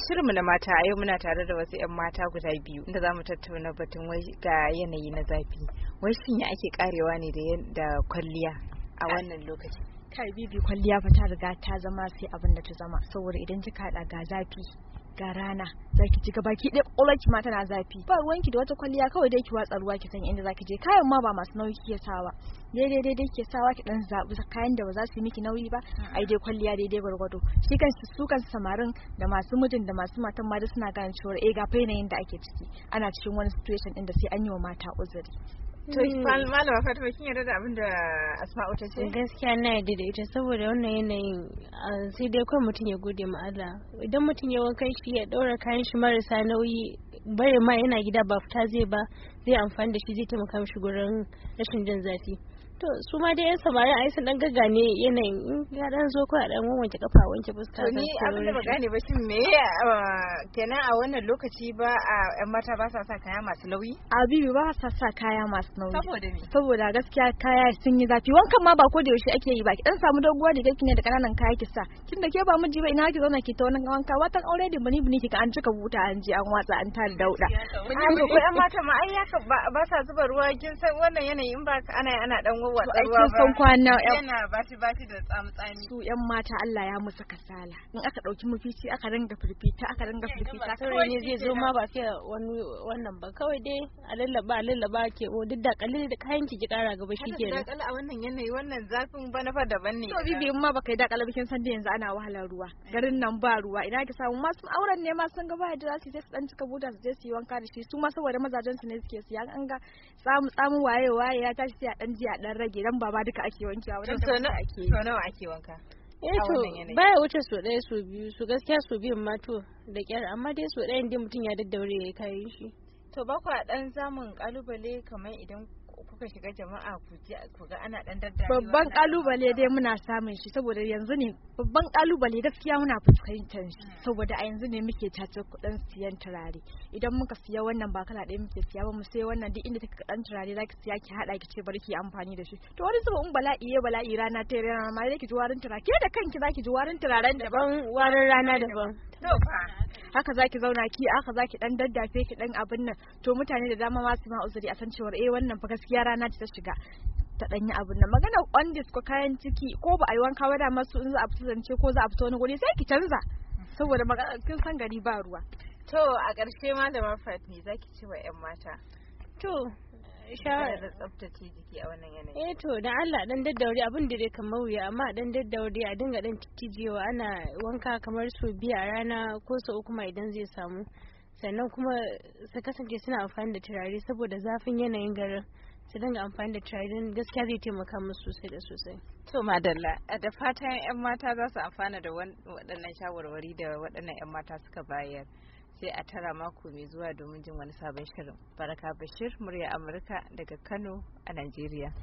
shirinmu na mata a yau muna tare da wasu 'yan mata guda biyu inda za mu tattauna batun wai ga yanayi na zafi wai sun ake karewa ne da kwalliya a wannan lokaci kai bibi kwalliya fa ta riga ta zama sai abin da ta zama saboda idan kika hada ga zafi ga rana zaki ci gabaki ɗaya ki ma tana zafi ba ruwan ki da wata kwalliya kawai dai ki watsa ruwa ki sanya inda ki je kayan ma ba masu nauyi kike sawa daidai daidai kike sawa ki dan zabi kayan da ba za su yi miki nauyi ba ai dai kwalliya daidai gwargwado shi kansu su kansu samarin da masu mijin da masu matan ma suna gane cewa eh ga fa yanayin da ake ciki ana cikin wani situation din da sai an yi wa mata uzuri To hmm. malama Fatima kin yarda da abin da Asma'u ta ce? Gaskiya na yarda da ita saboda wannan yanayin sai dai kawai mutum ya gode ma Allah. Idan mutum ya wankan shi ya daura kayan shi marasa nauyi bare ma yana gida ba fita zai ba zai amfani da shi zai taimaka mishi gurin rashin jin zafi. to su ma dai yan samari ai sun dan ne yanayin ya dan zo ko a dan wanke kafa wanke fuska to ni abin da ba gane ba shin me uh, kenan a wannan lokaci ba a yan mata ba sa sa kaya masu nauyi a bibi ba sa sa kaya masu nauyi saboda me saboda gaskiya kaya sun yi zafi wankan ma ba ko da yaushe ake yi ba ki dan samu doguwa da kake ne da kananan kaya ki sa kin da ke ba miji ba ina ki zauna ki ta wannan wanka watan aure da bani bani kika an cika buta an je an watsa an tar dauda mun ko yan mata ma ai ya ba sa zuba ruwa kin san wannan yanayin ba ana ana dan sun kwana yana bashi bashi da tsamtsami. su yan mata Allah ya musu kasala in aka dauki mafici aka ringa firfita aka ringa firfita kawai ne zai zo ma ba sai wani wannan ba kawai dai a lallaba a lallaba ke o duk da kalli da kayan ki ki kara gaba shi ke da a wannan yanayi wannan zafin ba na fa daban ne to bibi ma baka yi da bikin sanda yanzu ana wahalar ruwa eh. garin nan ba ruwa ina ki samu masu auren ne ma sun ga ba da su sai su dan cika buda su je su yi wanka da shi su ma saboda mazajen su ne suke siya an ga tsamu tsamu waye waye ya tashi sai a dan ji a dan dan rage dan ba duka ake wankewa wajen da ake yi. nawa ake wanka? Eh baya wuce so ɗaya so biyu su gaskiya so biyun ma to da kyar amma dai so ɗayan dai mutum ya daddaure ya kayan shi. To ba kwa dan samun kalubale kamar idan kuka shiga jama'a ku ga ana dan daddare babban kalubale dai muna samun shi saboda yanzu ne babban kalubale gaskiya muna fuskantar shi hmm. saboda a yanzu ne muke tace kudin siyan turare idan muka siya wannan ba kala ɗaya muke siya ba mu sai wannan duk inda take dan turare zaki siya ki hada ki ce bari ki amfani da shi to wani zuba in bala'i ya bala'i rana ta rana ma zaki ji warin turare ke da kanki zaki ji warin turaren daban warin rana daban to haka zaki zauna ki haka zaki dan daddafe ki dan abin nan to mutane da dama ma su ma uzuri a san cewa eh wannan fa gaskiya rana ta shiga ta danyi abin nan magana on this ko kayan ciki ko ba a yi wanka ba da masu in za a fita zance ko za a fita wani guri sai ki canza saboda magana kin san gari ba ruwa to a ƙarshe malama Fatmi zaki ce wa 'yan mata to shawara da tsaftace jiki a wannan yanayi eh to da Allah dan daddaure abin da dai kamar wuya amma dan daddaure a dinga dan tittijewa ana wanka kamar su biya a rana ko su uku idan zai samu sannan kuma su kasance suna amfani da turare saboda zafin yanayin garin su dinga amfani da turare gaskiya zai taimaka musu sosai da sosai. To madalla da fatan 'yan mata za su amfana da waɗannan shawarwari da waɗannan 'yan mata suka bayar. sai a tara mako mai zuwa domin jin wani sabon shirin baraka bashir murya amurka daga kano a najeriya